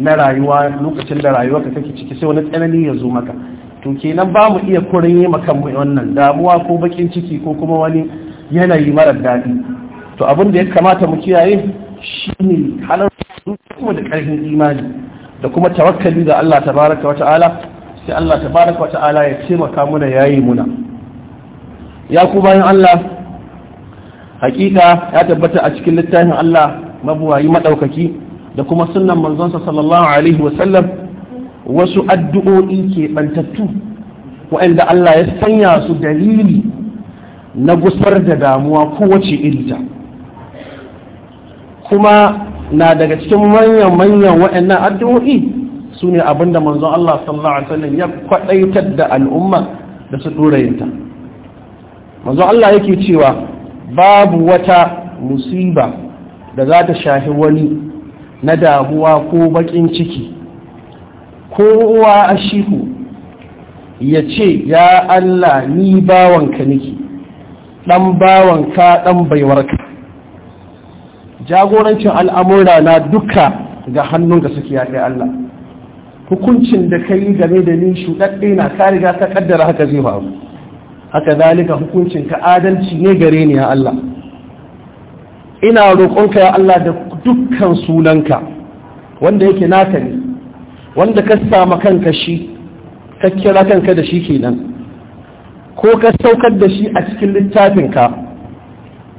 na rayuwa lokacin da rayuwa ka take ciki sai wani tsanani ya zo maka to kenan ba mu iya kurin yi maka wannan damuwa ko bakin ciki ko kuma wani yanayi marar daɗi to abin da ya kamata mu kiyaye shi shine halar mu da ƙarfin imani da kuma tawakkali ga Allah tabaraka wa ta'ala sai Allah tabaraka wa ta'ala ya taimaka muna yayi muna ya ku bayan Allah hakika ya tabbata a cikin littafin Allah mabuwayi madaukaki da kuma sunnan manzonsa sallallahu alaihi wasallam wasu addu'o'i ke bantattu, waɗanda Allah ya sanya su dalili na gusar da damuwa kowace irita kuma na daga cikin manyan-manyan wa'annan addu'o'i su ne abinda manzon Allah sallallahu alaihi wasallam ya kwadaitar da al'umma da su yinta. manzon Allah yake cewa babu wata musiba da za ta shahi wani na damuwa ko bakin ciki kowa a shiku, ya ce ya Allah ni bawanka niki ɗan bawanka ɗan baiwarka jagorancin al'amura na duka ga hannun da suke yaƙi Allah hukuncin da ka yi game da ni shuɗaɗɗe na ka riga ta ƙaddara haka zai faru haka zalika hukuncin ka adalci ne gare ni ya Allah ina roƙonka ya Allah da dukkan sunanka wanda yake naka ne wanda ka sama kanka shi ka kira kanka da shi kenan ko ka saukar da shi a cikin littafinka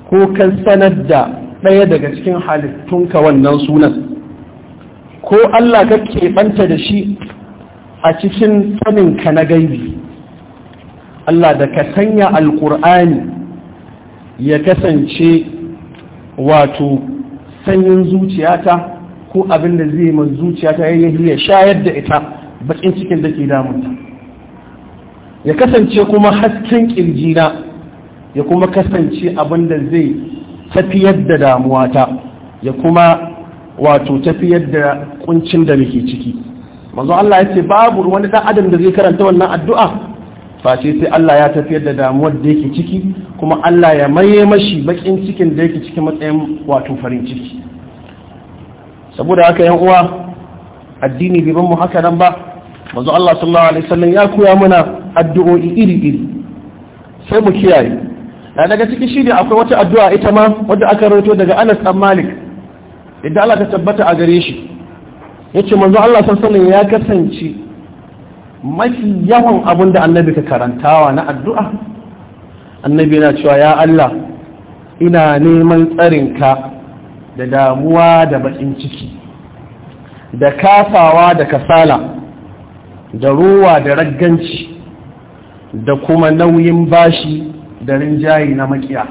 ko ka sanar da ɗaya daga cikin halittunka wannan sunan ko Allah ka keɓanta da shi a cikin saninka na gaibi Allah da ka sanya alƙur'ani ya kasance wato sanyin zuciyata ko abin da zai ma zuciyata ya yi shayar da ita bakin cikin da ke damunta ya kasance kuma hasken kirjina ya kuma kasance abin da zai tafiyar da damuwata ya kuma wato tafiyar da kuncin da muke ciki manzo Allah ya ce babu wani dan adam da zai karanta wannan addu'a face sai Allah ya tafiyar da damuwar da yake ciki kuma Allah ya maye mashi bakin cikin da yake cikin matsayin wato farin ciki saboda haka yan uwa addini bai ban mu haka nan ba manzo Allah sallallahu alaihi wasallam ya koya mana addu'o'i iri iri sai mu kiyaye na daga cikin shi ne akwai wata addu'a ita ma wadda aka rawaito daga Anas Dan Malik idan Allah ta tabbata a gare shi yace manzo Allah sallallahu alaihi wasallam ya kasance mafi yawan abun da annabi ka karantawa na addu'a annabi yana cewa ya Allah ina neman tsarinka da damuwa da bakin ciki da kasawa da kasala da ruwa da ragganci da kuma nauyin bashi da rinjayi na makiya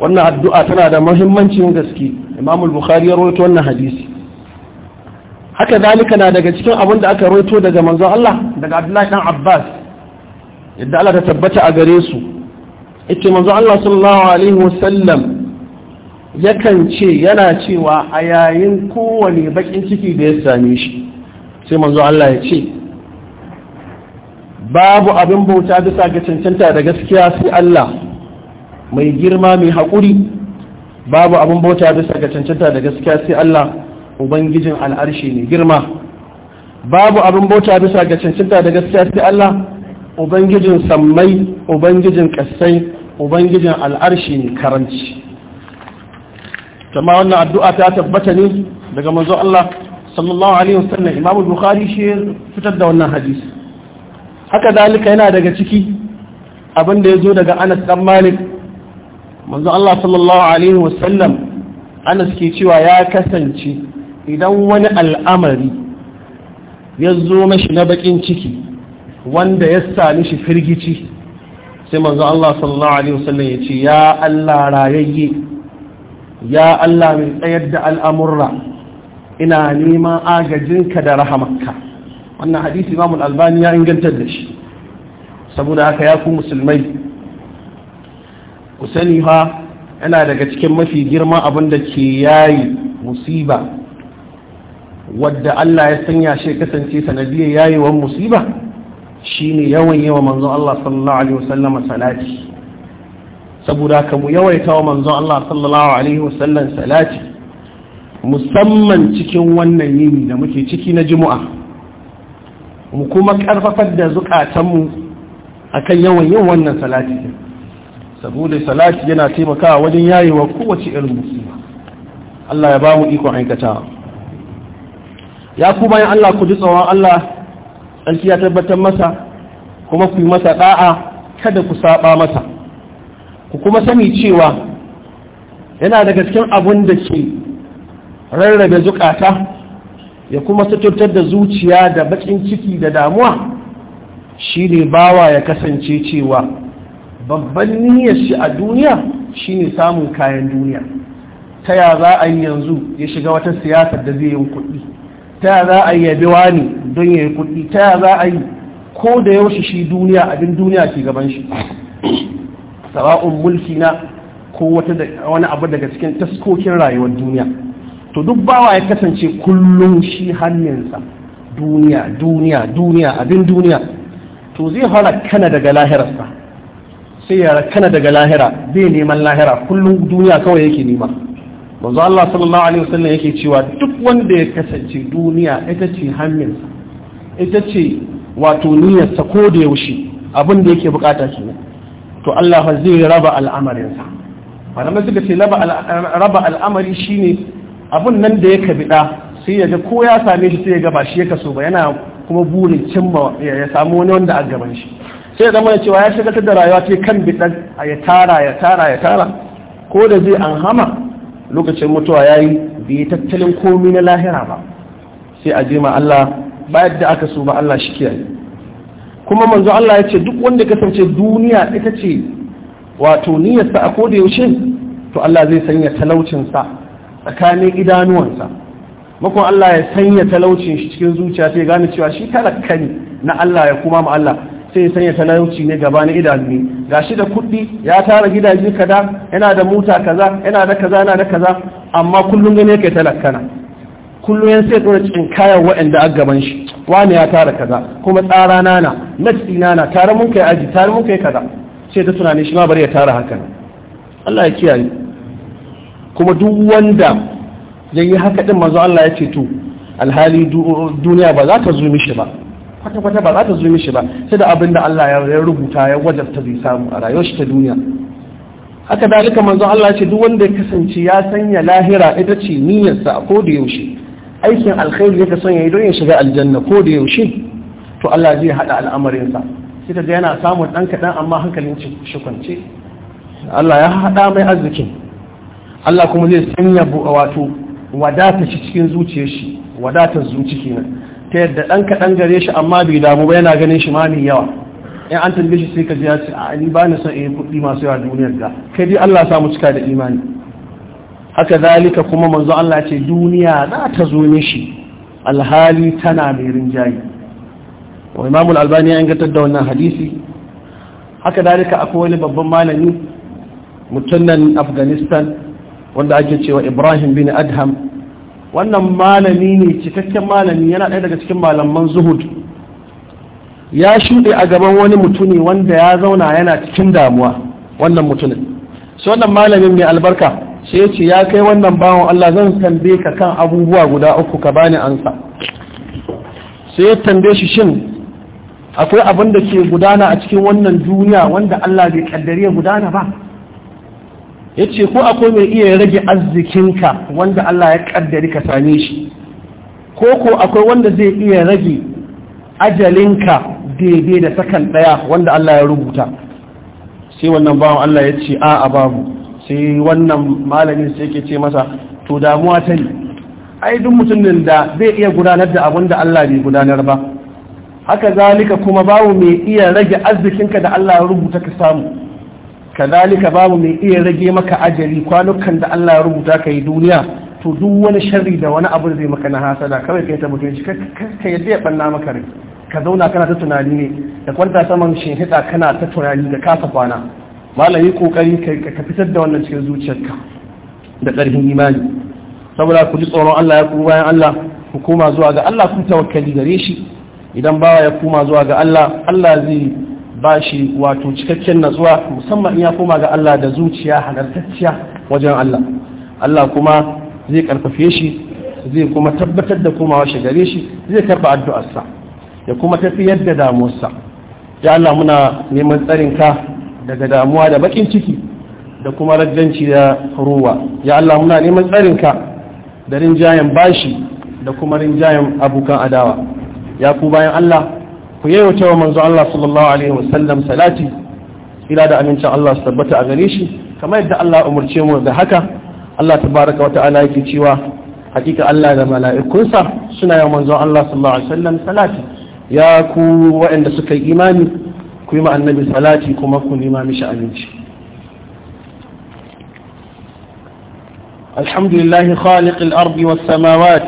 wannan addu'a tana da muhimmancin gaske imamul bukhari ya rawaito wannan hadisi haka zalika na daga cikin abin da aka rawaito daga manzon Allah daga Abdullahi dan Abbas yadda Allah ta tabbata a gare su yake manzo Allah sallallahu alaihi wasallam yakan ce yana cewa a yayin kowane bakin ciki da ya same shi sai manzo Allah ya ce babu abin bauta bisa ga cancanta da gaskiya sai Allah mai girma mai haƙuri babu abin bauta bisa ga cancanta da gaskiya sai Allah ubangijin al'arshi ne girma babu abin bauta bisa ga cancanta da gaskiya sai Allah ubangijin sammai ubangijin kassai ubangijin al'arshi ne karanci jama'a wannan addu'a ta tabbata ne daga manzo Allah sallallahu alaihi wasallam imamu bukhari shi fitar da wannan hadisi haka dalika yana daga ciki abin da ya zo daga anas dan malik manzo Allah sallallahu alaihi wasallam anas ke cewa ya kasance idan wani al'amari ya zo mashi na bakin ciki wanda ya sami shi firgici sai manzo Allah sallallahu alaihi wasallam ya ce ya Allah rayayye ya Allah mai tsayar da al'amurra ina neman agajinka da rahamarka wannan hadisi Imam Al-Albani ya inganta da shi saboda haka ya ku musulmai ku sani ha yana daga cikin mafi girma abin da ke yayi musiba wadda Allah ya sanya shi kasance sanadiyar yayewar musiba Shi ne yawan yawa manzon Allah sallallahu alaihi wasallam salati saboda ka mu yawaita wa manzon Allah sallallahu alaihi wasallam salati musamman cikin wannan yini da muke ciki na juma'a mu kuma karfafar da zukatanmu akan yawan yin wannan salati saboda salati yana taimakawa wajen yayewa kowace irin musiba Allah ya ba mu ikon aikatawa ya kuma bayan Allah ku ji tsawon Allah sarki ya tabbatar masa kuma ku yi masa da'a kada ku saba masa ku kuma sani cewa yana daga cikin abun da ke rarrabe zukata ya kuma suturtar da zuciya da bakin ciki da damuwa shine bawa ya kasance cewa babban niyyar shi a duniya shine samun kayan duniya ta ya za a yi yanzu ya shiga wata siyasar da zai yi kuɗi ta za a yabi wani don ya yi kuɗi ta za a yi ko da yaushe shi duniya abin duniya ke gaban shi sawa'un mulki na ko wani abu daga cikin taskokin rayuwar duniya to duk bawa ya kasance kullum shi hannunsa duniya duniya duniya abin duniya to zai fara kana daga lahirarsa sai ya kana daga lahira zai neman lahira kullum duniya kawai yake nema manzo Allah sallallahu alaihi wasallam yake cewa duk wanda ya kasance duniya ita ce hannunsa ita ce wato niyyarsa ko da yaushe abin da yake bukata shi to Allah fa zai raba al'amarinsa malamai suka ce raba al'amari shine abin nan da ya kabida sai ya ga ko ya same shi sai ya gaba shi ya kaso ba yana kuma burin cimma ya samu wani wanda a gaban shi sai zama ya cewa ya shiga da rayuwa ce kan bidan ya tara ya tara ya tara ko da zai an hama lokacin mutuwa ya yi bai yi tattalin komi na lahira ba sai a je ma Allah bayar da aka so ba Allah shi kiyaye kuma manzo Allah ya ce duk wanda kasance duniya ita ce wato niyyarsa a koda yaushe to Allah zai sanya talaucinsa tsakanin idanuwansa makon Allah ya sanya talaucin shi cikin zuciya sai gane cewa shi talakka ne na Allah ya kuma ma Allah sai sanya talauci ne gaba na idanu shi da kuɗi ya tara gidaje kaza yana da mota kaza yana da kaza yana da kaza amma kullum gane yake talakkana kullum yan sai dora cikin kayan waɗanda a gaban shi wani ya tara kaza kuma tsara nana nasi nana tare mun kai aji tare mun kai kaza sai ta tunani shi ma bari ya tara hakan Allah ya kiyaye kuma duk wanda yayi haka din manzo Allah ya ce to alhali duniya ba za ta zo mishi ba kwata-kwata ba za ta zo mishi ba sai da abin da Allah ya rubuta ya ta zai samu a rayuwar shi ta duniya haka dalika manzon Allah ce duk wanda ya kasance ya sanya lahira ita ce niyyarsa a ko da yaushe aikin alkhairi ya kasance yayi don ya shiga aljanna ko da yaushe to Allah zai hada al'amarinsa sai kaga yana samun dan kaɗan amma hankalin shi kwance Allah ya hada mai arzikin Allah kuma zai sanya wato wadata shi cikin zuciyar shi wadatar zuci kenan ta yadda ɗan kaɗan gare shi amma bai damu ba yana ganin shi ma mai yawa in an tambaye shi sai ka ji ya ce a ni ba ni son in kuɗi masu yawa duniyar ga kai dai Allah samu cika da imani haka zalika kuma manzo Allah ce duniya za ta zo mishi alhali tana mai rinjaye wa Imam al-Albani ya ingantar da wannan hadisi haka zalika akwai wani babban malami mutunan Afghanistan wanda ake cewa Ibrahim bin Adham wannan malami ne cikakken malami yana ɗaya daga cikin malaman zuhud ya shuɗe a gaban wani mutumi wanda ya zauna yana cikin damuwa wannan mutumin sai wannan malamin mai albarka sai ya ce ya kai wannan bawan Allah zan tambaye ka kan abubuwa guda uku ka bani ansa sai ya tambaye shi shin akwai abin da ke gudana a cikin wannan duniya wanda Allah bai kaddare gudana ba ya ce ko akwai mai iya rage arzikinka wanda Allah ya kaddari ka same shi ko ko akwai wanda zai iya rage ajalinka daidai da sakan ɗaya wanda Allah ya rubuta sai wannan bawan Allah ya ce a a babu sai wannan malamin sai ke ce masa to damuwa ta ne ai duk mutumin da zai iya gudanar da abin da Allah bai gudanar ba haka zalika kuma babu mai iya rage arzikinka da Allah ya rubuta ka samu kazalika babu mai iya rage maka ajali kwanukan da Allah ya rubuta ka yi duniya to duk wani sharri da wani abu da zai maka na hasada kawai kai ta mutunci ka yadda ya banna maka rai ka zauna kana ta tunani ne da kwanta saman shinhida kana ta tunani da kasa kwana malami kokari ka fitar da wannan cikin zuciyarka da ƙarfin imani saboda ku ji tsoron Allah ya kuma bayan Allah ku koma zuwa ga Allah ku tawakkali gare shi idan bawa ya koma zuwa ga Allah Allah zai ba shi wato cikakken natsuwa musamman in ya koma ga Allah da zuciya halartacciya wajen Allah Allah kuma zai karfafe shi zai kuma tabbatar da komawa shi gare shi zai karba addu'arsa ya kuma tafiyar da damuwarsa ya Allah muna neman tsarin ka daga damuwa da bakin ciki da kuma rajjanci da ruwa ya Allah muna neman tsarin ka da rinjayen bashi da kuma rinjayen abokan adawa ya ku bayan Allah ku yawaita manzo Allah sallallahu alaihi wasallam salati ila da amincin Allah tabbata a gare shi kamar yadda Allah umurce mu da haka Allah tabaraka wa ta'ala yake cewa hakika Allah da mala'ikunsa suna yawan manzo Allah sallallahu alaihi wasallam salati ya ku waɗanda suka yi imani ku yi ma annabi salati kuma ku nima mishi abinci الحمد لله خالق الأرض والسماوات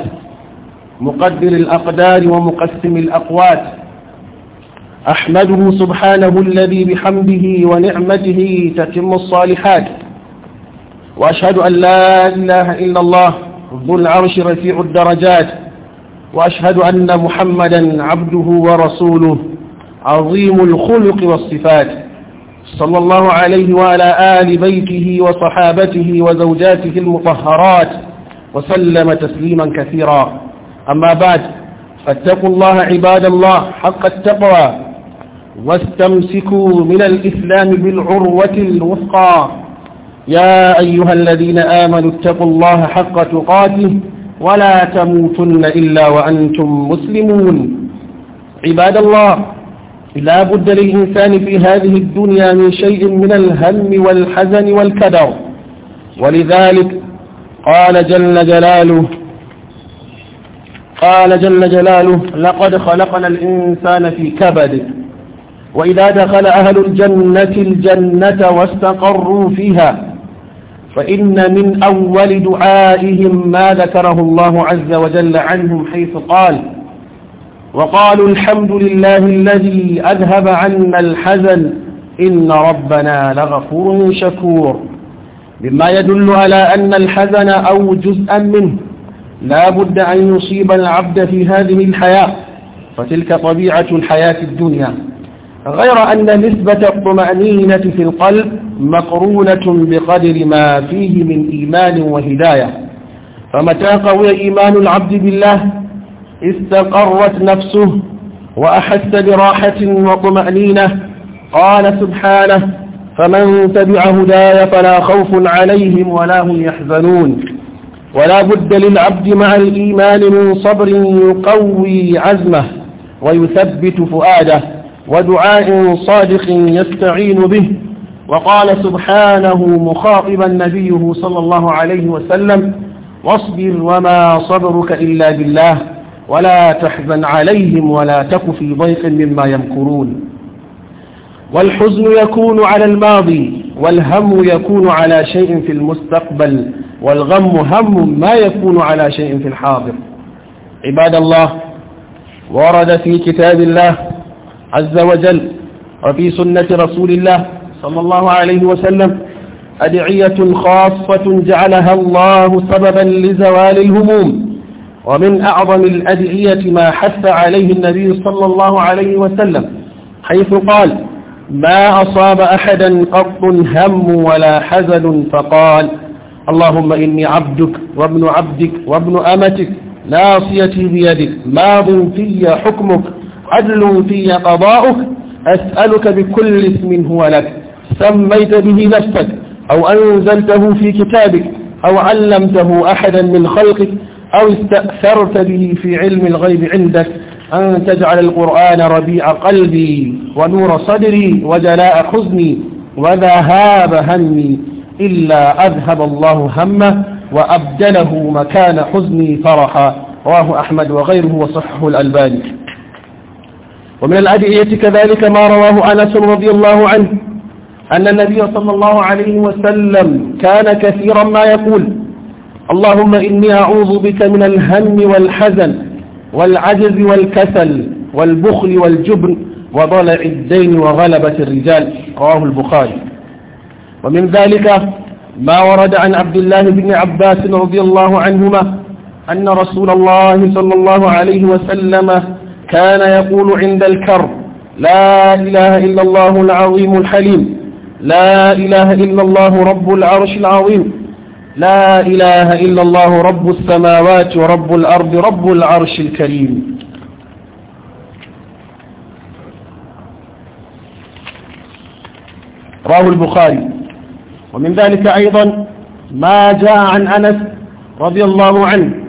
مقدر الأقدار ومقسم الأقوات أحمده سبحانه الذي بحمده ونعمته تتم الصالحات وأشهد أن لا إله إلا الله ذو العرش رفيع الدرجات وأشهد أن محمدا عبده ورسوله عظيم الخلق والصفات صلى الله عليه وعلى آل بيته وصحابته وزوجاته المطهرات وسلم تسليما كثيرا أما بعد فاتقوا الله عباد الله حق التقوى واستمسكوا من الإسلام بالعروة الوثقى يا أيها الذين آمنوا اتقوا الله حق تقاته ولا تموتن إلا وأنتم مسلمون عباد الله لا بد للإنسان في هذه الدنيا من شيء من الهم والحزن والكدر ولذلك قال جل جلاله قال جل جلاله لقد خلقنا الإنسان في كبد وإذا دخل أهل الجنة الجنة واستقروا فيها فإن من أول دعائهم ما ذكره الله عز وجل عنهم حيث قال وقالوا الحمد لله الذي أذهب عنا الحزن إن ربنا لغفور شكور مما يدل على أن الحزن أو جزءا منه لا بد أن يصيب العبد في هذه الحياة فتلك طبيعة الحياة الدنيا غير أن نسبة الطمأنينة في القلب مقرونة بقدر ما فيه من إيمان وهداية فمتى قوي إيمان العبد بالله استقرت نفسه وأحس براحة وطمأنينة قال سبحانه فمن تبع هداي فلا خوف عليهم ولا هم يحزنون ولا بد للعبد مع الإيمان من صبر يقوي عزمه ويثبت فؤاده ودعاء صادق يستعين به وقال سبحانه مخاطبا نبيه صلى الله عليه وسلم واصبر وما صبرك إلا بالله ولا تحزن عليهم ولا تك في ضيق مما يمكرون والحزن يكون على الماضي والهم يكون على شيء في المستقبل والغم هم ما يكون على شيء في الحاضر عباد الله ورد في كتاب الله عز وجل وفي سنة رسول الله صلى الله عليه وسلم أدعية خاصة جعلها الله سببا لزوال الهموم ومن أعظم الأدعية ما حث عليه النبي صلى الله عليه وسلم حيث قال ما أصاب أحدا قط هم ولا حزن فقال اللهم إني عبدك وابن عبدك وابن أمتك ناصيتي بيدك ماض في حكمك عدل في قضاؤك أسألك بكل اسم هو لك سميت به نفسك أو أنزلته في كتابك أو علمته أحدا من خلقك أو استأثرت به في علم الغيب عندك أن تجعل القرآن ربيع قلبي ونور صدري وجلاء حزني وذهاب همي إلا أذهب الله همه وأبدله مكان حزني فرحا رواه أحمد وغيره وصحه الألباني ومن الأدعية كذلك ما رواه أنس رضي الله عنه أن النبي صلى الله عليه وسلم كان كثيرا ما يقول اللهم إني أعوذ بك من الهم والحزن والعجز والكسل والبخل والجبن وضلع الدين وغلبة الرجال رواه البخاري ومن ذلك ما ورد عن عبد الله بن عباس رضي الله عنهما أن رسول الله صلى الله عليه وسلم كان يقول عند الكرب لا إله إلا الله العظيم الحليم لا إله إلا الله رب العرش العظيم لا إله إلا الله رب السماوات ورب الأرض رب العرش الكريم رواه البخاري ومن ذلك أيضا ما جاء عن أنس رضي الله عنه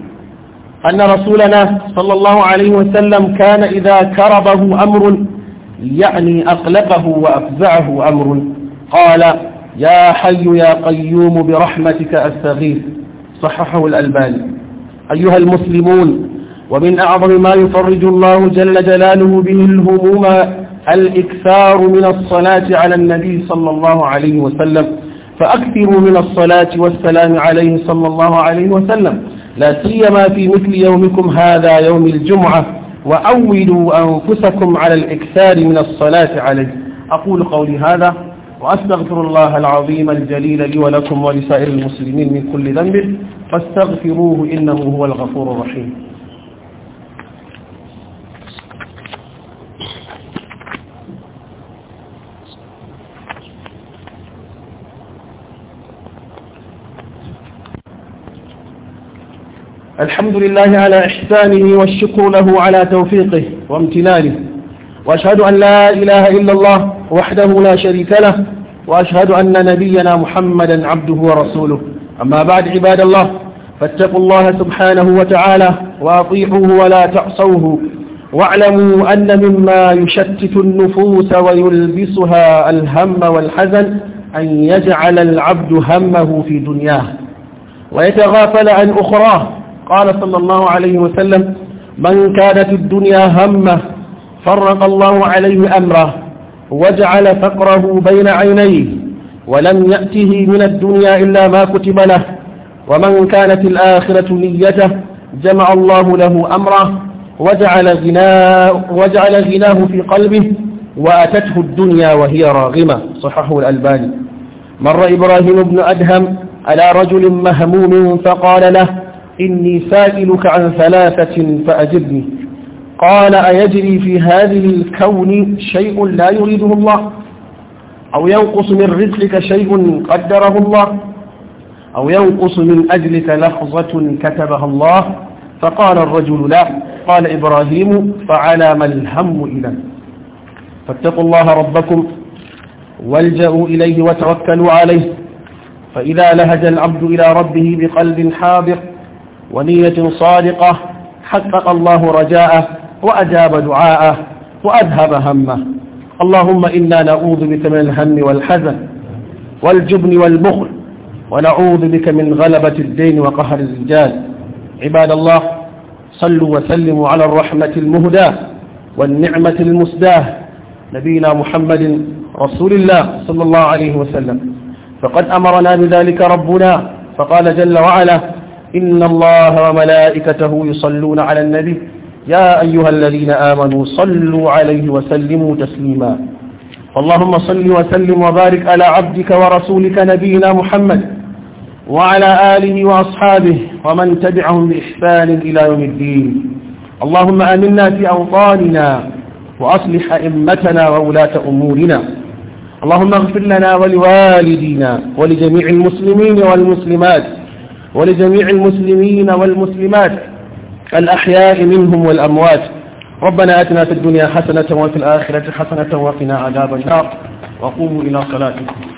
أن رسولنا صلى الله عليه وسلم كان إذا كربه أمر يعني أقلقه وأفزعه أمر قال يا حي يا قيوم برحمتك أستغيث صححه الألباني أيها المسلمون ومن أعظم ما يفرج الله جل جلاله به الهموم الإكثار من الصلاة على النبي صلى الله عليه وسلم فأكثروا من الصلاة والسلام عليه صلى الله عليه وسلم لا سيما في مثل يومكم هذا يوم الجمعة وأولوا أنفسكم على الإكثار من الصلاة عليه أقول قولي هذا وأستغفر الله العظيم الجليل لي ولكم ولسائر المسلمين من كل ذنب فاستغفروه إنه هو الغفور الرحيم الحمد لله على إحسانه والشكر له على توفيقه وامتنانه وأشهد أن لا إله إلا الله وحده لا شريك له وأشهد أن نبينا محمدا عبده ورسوله أما بعد عباد الله فاتقوا الله سبحانه وتعالى وأطيعوه ولا تعصوه واعلموا أن مما يشتت النفوس ويلبسها الهم والحزن أن يجعل العبد همه في دنياه ويتغافل عن أخراه قال صلى الله عليه وسلم من كانت الدنيا همه فرق الله عليه أمره وجعل فقره بين عينيه ولم يأته من الدنيا إلا ما كتب له ومن كانت الآخرة نيته جمع الله له أمره وجعل غناه, وجعل غناه في قلبه وأتته الدنيا وهي راغمة صححه الألباني مر إبراهيم بن أدهم على رجل مهموم فقال له إني سائلك عن ثلاثة فأجبني قال أيجري في هذه الكون شيء لا يريده الله أو ينقص من رزقك شيء قدره الله أو ينقص من أجلك لحظة كتبها الله فقال الرجل لا قال إبراهيم فعلى ما الهم إذا فاتقوا الله ربكم والجأوا إليه وتوكلوا عليه فإذا لهج العبد إلى ربه بقلب حاضر ونية صادقة حقق الله رجاءه وأجاب دعاءه وأذهب همه اللهم إنا نعوذ بك من الهم والحزن والجبن والبخل ونعوذ بك من غلبة الدين وقهر الرجال عباد الله صلوا وسلموا على الرحمة المهداة والنعمة المسداة نبينا محمد رسول الله صلى الله عليه وسلم فقد أمرنا بذلك ربنا فقال جل وعلا إن الله وملائكته يصلون على النبي يا أيها الذين آمنوا صلوا عليه وسلموا تسليما اللهم صل وسلم وبارك على عبدك ورسولك نبينا محمد وعلى آله وأصحابه ومن تبعهم بإحسان إلى يوم الدين اللهم أمنا في أوطاننا وأصلح أئمتنا وولاة أمورنا اللهم اغفر لنا ولوالدينا ولجميع المسلمين والمسلمات ولجميع المسلمين والمسلمات الأحياء منهم والأموات ربنا أتنا في الدنيا حسنة وفي الآخرة حسنة وقنا عذاب النار وقوموا إلى صلاتكم